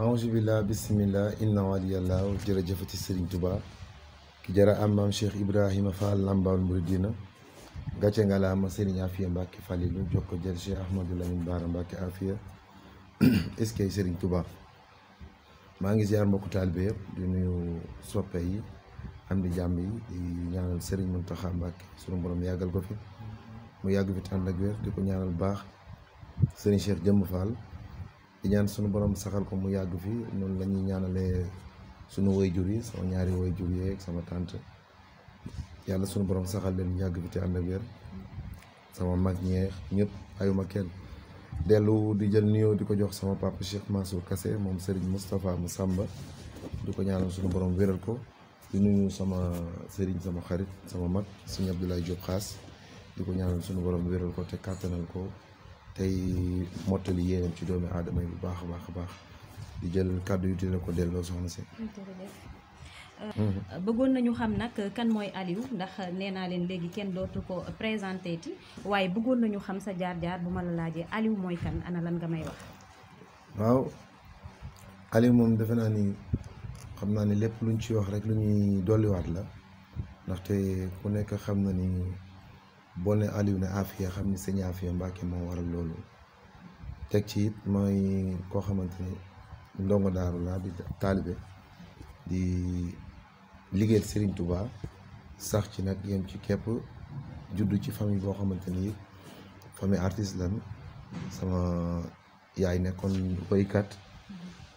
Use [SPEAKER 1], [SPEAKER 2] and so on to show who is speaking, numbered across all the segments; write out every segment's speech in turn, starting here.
[SPEAKER 1] aousubillah bisimillah inna waliyallahu jërëjëfati Serigne Touba ki jara am maam Cheikh Ibrahima Fall Lambaol Mouridina gàcce ngalaama Serigne Afia Mbacke Falilou jokko jël Cheikh Ahmadou Lamine Bara Mbacke Afia est-ce que Serigne Touba maa ngi ziar mbokku taalibe yëpp di nuyu soppe yi am di jàmm yi di ñaanal Serigne Mountakha Mbacke sunu borom yàggal ko fi mu yàgg fi tànn ak wér di ko ñaanal baax Serigne Cheikh Jëmm Fall di ñaan suñu borom saxal ko mu yagg fi noonu la ñuy ñaanalee sunu wayjur yi sama ñaari wayjur yi ak sama tante yàlla suñu borom saxal leen yàgg fi te ànd ak sama mag ñeex ñëpp ayuma kenn dellu di jël nuyo di ko jox sama papa Cheikh Mansour Kassé moom Serigne Moustapha mu Samba di ko ñaanal suñu borom wéral ko di nuyu sama Serigne sama xarit sama mag Serigne Abdoulaye Diop Xaas di ko ñaanal suñu borom wéral ko te kàttanal ko tey mottali yéenam ci doomi aadama yi bu baax a baax a baax di jël kàddu yu dina ko delloo soxna si.
[SPEAKER 2] Mm-hmm. Euh, bëggoon nañu xam nag kan mooy Aliou ndax nee naa leen léegi kenn dootu ko présenté ti waaye bëggoon nañu xam sa jaar-jaar bu ma la laajee Aliou mooy kan ana lan nga may wax.
[SPEAKER 1] waaw Aliou moom defe naa ni xam naa ni lépp luñ ci wax rek lu ñuy dolliwaat la ndaxte ku nekk xam na ni. boo ne Aliou ne Afia xam ne sëñ Afia Mbacke moo waral loolu teg ci it mooy koo xamante ni ndongo daaru laa di taalibe di liggéeyal Serigne Touba sax ci nag yem ci kepp juddu ci famille boo xamante ni famille artiste lan sama yaay nekkoon woykat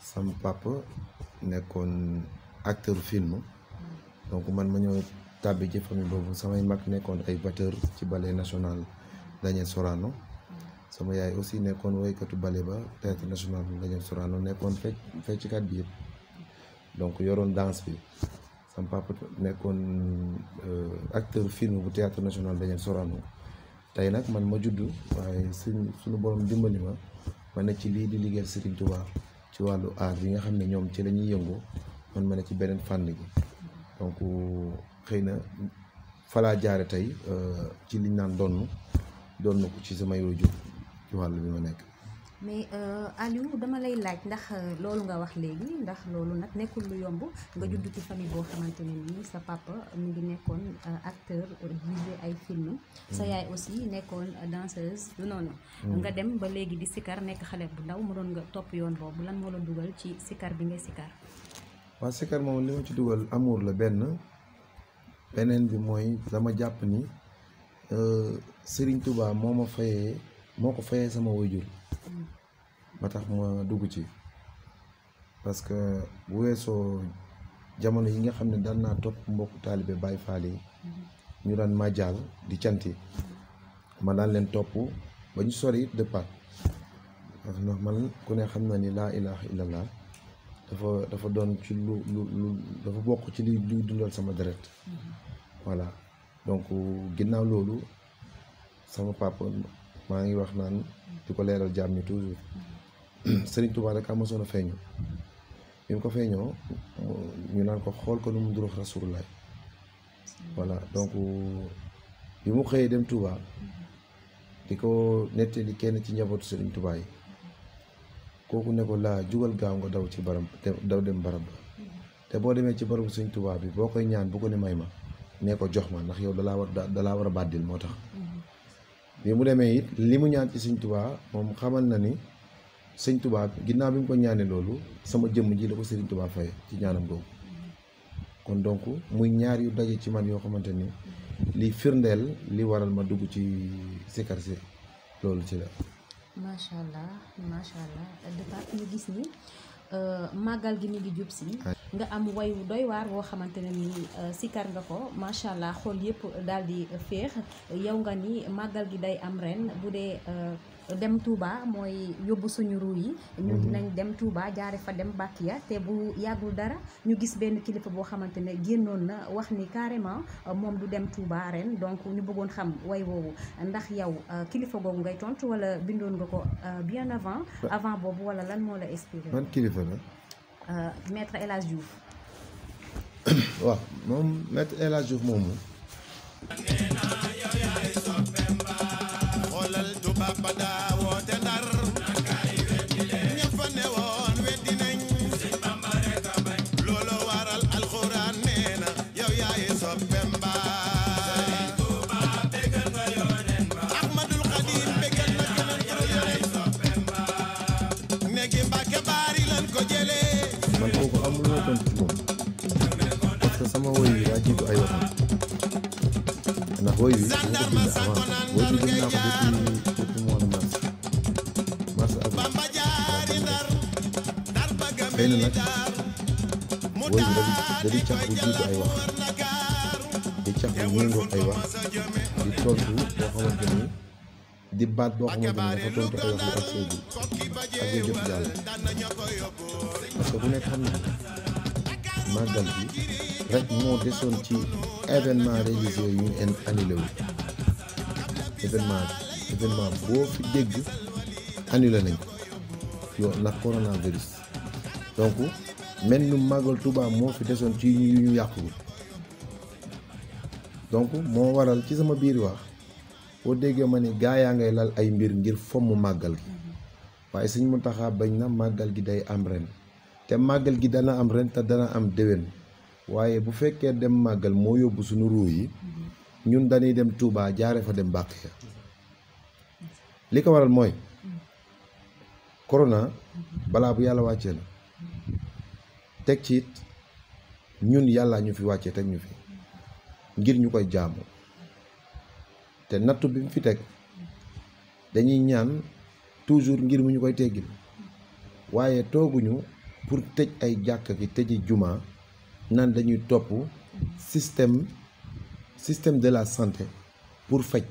[SPEAKER 1] sama papa nekkoon acteur film donc man ma ñëw tàbbi ci famille boobu samay mak nekkon ay eh, batteur ci ballet national Daniel Sorano sama yaay aussi eh, way woykatu eh, ballet ba théâtre national Daniel Sorano nekkon fecc kat bi donc yoron danse bi sama papa euh acteur film bu théâtre national Daniel Sorano tay nak man ma judd way suñ suñu borom dimbali ma ma ne ci li di liguel Serigne Touba ci walu art yi nga xam ñom ci lañuy yëngu man ma ne ci benen fànn gi donc xeyna fala falaa tay euh ci liñ nane donu donu ko ci sama waajur ci walu bima nek
[SPEAKER 2] mais euh Aliou dama lay laaj ndax euh, lolu nga wax legui ndax lolu nak nekul lu yomb nga judd ci famille bo xamanteni ni sa papa mu ngi nekkoon euh, acteur diriger euh, ay film mm. sa yaay aussi nekkoon danseuse du noonu mm. nga dem ba legui di sikar nek xale bu ndaw mu don nga top yoon boobu lan mo la duggal ci sikar bi nga sikar
[SPEAKER 1] wa sikar mom li ma ci duggal amour la benn beneen bi mooy sama jàpp ni euh, Serigne Touba moo ma fayee moo ko fayee sama wajur ma tax ma dugg ci parce que bu weesoo jamono yi nga xam ne daan naa topp mbokku taalibe Baye Fall yi ñu daan màjjaal di canti ma daan leen topp ba ñu sori it de part ndax man ku ne xam na ni laa ilaha illallah dafa dafa doon ci lu lu lu dafa bokk ci li luy dundal sama deret voilà donc ginnaaw loolu sama papa maa ngi wax naan di ko leeral jàmm ñi toujours Serigne Touba rek amasoon a feeñu bi mu ko feeñoo ñu naan ko xool ko nu mu durux rasulullah voilà donc bi mu xëyee dem tuubaa di ko nettali kenn ci njabootu Serigne Touba yi kooku ne ko laa jugal gaaw nga daw ci barab daw dem barab ba te boo demee ci barabu Sëñ Tuubaa bi boo koy ñaan bu ko ne may ma ne ko jox ma ndax yow dalaa war dalaa war a bàddil moo tax bi mu demee it li mu ñaan ci Sëñ Tuubaa moom xamal na ni Sëñ tubaab ginnaaw bi mu ko ñaanee loolu sama jëmm ji la ko Sëriñ Tuubaa fay ci ñaanam googu kon donc muy ñaar yu daje ci man yoo xamante ni li firndeel li waral ma dugg ci sikar si loolu ci la
[SPEAKER 2] macha allah macha allah dafa ñu gis ni euh, màggal gi mu ngi jub si. nga am way wu doy waar woo xamante ne ni euh, sikar nga ko macha allah xool yëpp daal di féex yow nga ni màggal gi day am ren bu dee euh, dem Touba mooy yóbbu suñu ruu yi. Mhm. ñu dinañ dem Touba jaare fa dem Bakia te bu yàggul dara ñu gis benn kilifa boo xamante ne génnoon na wax ni carrément euh, moom du dem Touba ren donc ñu bëggoon xam woy woowu ndax yow kilifa googu ngay tontu wala bindoon nga ko bien avant. avant boobu wala lan moo la inspiré. man kilifa la. Euh, maître El Hadj Diouf.
[SPEAKER 1] maître El Hadj mon booy bi dama ko bind avant bi bind naa ko depuis depuis mois de mars mars nag booy bi di cax bu jiitu ay di cax bu méngoo ay wax di tontu boo xamante di baat boo xamante ni dafa tontu ay wax ak ak jëf jàll parce bu nekk xam na màggal bi rek moo desoon ci événement religieux yu ñu annulé wu boo fi dégg annulé nañ ko yow nag coronavirus donc mel ni màggal tubaab moo fi desoon ci yu ñu yàqul donc moo waral ci sama biir wax boo déggee ma ne gaa yaa ngay lal ay mbir ngir fomm màggal gi waaye Sëñ Muntaxa bañ na màggal gi day am ren te màggal gi dana am ren te dana am déwén. waaye bu fekkee dem màggal moo yóbbu suñu ruu yi ñun dañuy dem Touba jaare fa dem bàq ya li ko waral mooy corona balaa bu yàlla wàccee na teg ciit ñun yàlla ñu fi wàccee teg ñu fi ngir ñu koy jàmm te nattu bi mu fi teg dañuy ñaan toujours ngir mu ñu koy teggil waaye tooguñu pour tëj ay jàkka ki tëji jumaa nan dañuy topp système système de la santé pour faj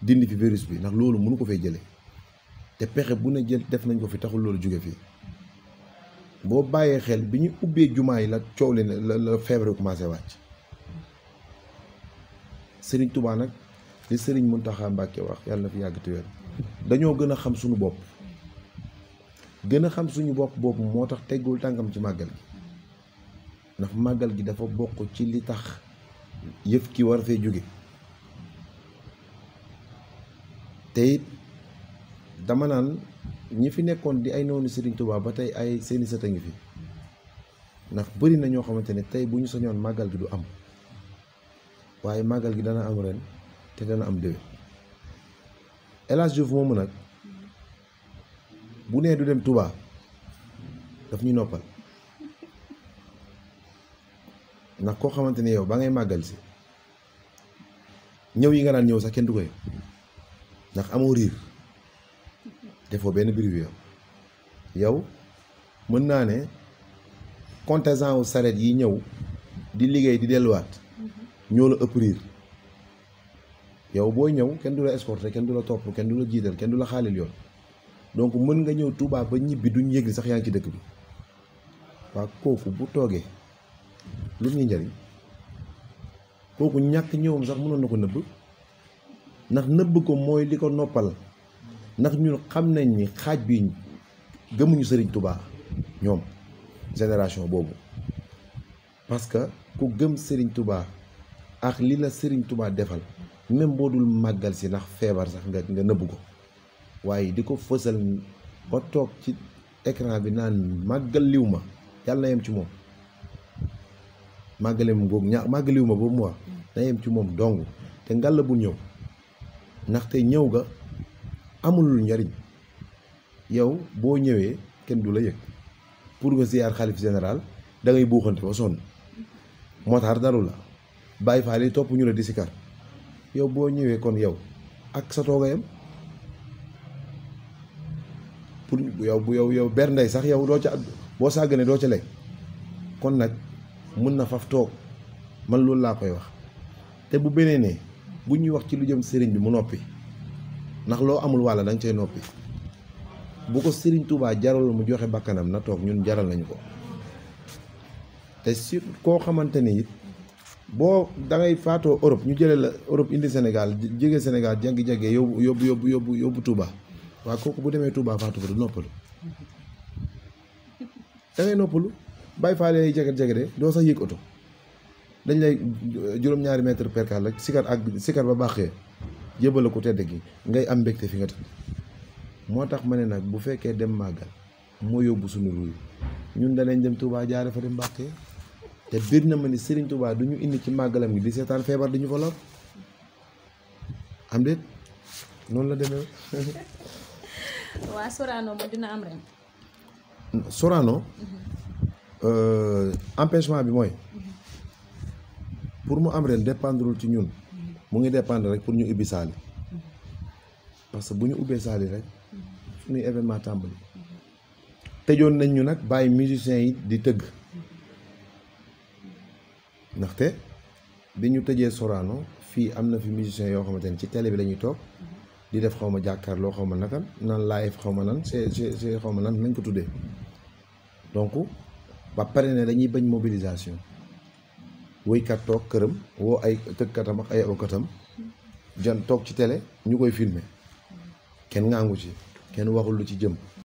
[SPEAKER 1] dindi fi virus bi ndax loolu mënu ko fee jëlee te pexe bu ne jël def nañ ko fi taxul loolu jóge fii boo bàyyee xel bi ñu ubbee jumaa yi la coow li la la feebar bi commencé wàcc Sëriñ tubaa nag li Sëriñ Muntaxa Mbàkke wax yàlla na fi yàgg te dañoo gën a xam suñu bopp gën a xam suñu bopp boobu moo tax teggul tàngam ci màggal gi ndax màggal gi dafa bokk ci li tax yëf ki war a fee jóge te dama naan ñi fi nekkoon di ay noonu Serigne Touba ba tey ay seeni sët a ngi fi ndax bëri na ñoo xamante ne tey bu ñu soñoon màggal gi du am waaye màggal gi dana am ren te dana am déwén El Hadj Diouf moomu nag bu nee du dem Touba daf ñu noppal. ndax koo xamante ni yow ba ngay màggal si ñëw yi nga naan ñëw sax kenn du ko ndax amoo riir defoo benn bruit yow yow mën naa ne contingent wu saret yi ñëw di liggéey di delluwaat mhm. ñoo la ëpp riir yow booy ñëw kenn du la escorter kenn du la topp kenn du la jiital kenn du la xaalil yoon donc mën nga ñëw tubaab ba ñibbi duñ yëg sax yaa ngi ci dëkk bi waa kooku bu toogee lu ñuy njariñ kooku ñàkk ñëwam sax mënoon na ko nëbb ndax nëbb ko mooy li ko noppal ndax ñu xam nañ ni xaaj bi gëmuñu sëriñ tubaa ñoom génération boobu parce que ku gëm sëriñ tubaa ak li la sëriñ tubaa defal même boo dul màggal si ndax feebar sax nga nga nëbb ko waaye di ko fësal ba toog ci écran bi naan màggal liw ma yàlla na yem ci moom màggale ma boobu ñaa màggaliwu ma boobu moi mm. na yem ci moom dong te ngàlla bu ñëw ndaxte ñëw ga amulul njariñ yow boo ñëwee kenn du la yëg pour nga ziar xalif général da ngay buuxante ba sonn motaar daru la bàyyi faal yi topp ñu la di sikar yow boo ñëwee kon yow ak sa tooga yam pour yow bu yow yow berndey sax yow doo ca boo sàgganee doo ca lekk kon nag mun na faf toog man loolu laa koy wax te bu beneenee bu ñuy wax ci lu jëm sëriñ bi mu noppi ndax loo amul wàlla da nga noppi bu ko sëriñ Touba jaral mu joxe bàkkanam na toog ñun jaral nañu ko te si koo xamante ni boo da faatoo Europe ñu jële la Europe indi senegal jege Sénégal jangi-jangee yóbbu yóbbu yóbbu yóbbu yóbbu waaw kooku bu demee Touba faatu fa du noppalu da noppalu bàyyi faale yi jagat jagade doo sax yéeg oto dañ lay eh, juróom-ñaari mètre percal rek sikar ak sikar ba baaxee jébal ko tedd gi ngay am mbégte fi nga tëdd moo tax ma ne nag bu fekkee dem màggal moo yóbbu suñu ruuy ñun danañ dem Touba jaare fa dem Mbàkke te biir na ma ni Serigne Touba du ñu indi ci màggalam gi di seetaan feebar di ñu fa am déet noonu la demee.
[SPEAKER 2] waa Sorano ma dina am ren.
[SPEAKER 1] Sorano. Mhm. Euh, empêchement bi mooy pour mu am ren dépendrul ci ñun mu ngi dépendre rek pour ñu ubbi saali parce que bu ñu ubbee saali rek suñuy événement tàmbali tëjoon nañ ñu nag bàyyi musiciens yi di tëgg ndaxte bi ñu tëjee Sorano fii am na fi musiciens yoo xamante ne ci télé bi la toog di def xaw ma jàkkaarloo xaw ma nakam nan live xaw ma nan c'est c'est xaw ma nan nañ ko tuddee donc ba pare ne dañuy bañ mobilisation woykat toog këram woo ay tëkkatam ak ay awkatam jan toog ci télé ñu koy filmer kenn ngaangu ci kenn waxul lu ci jëm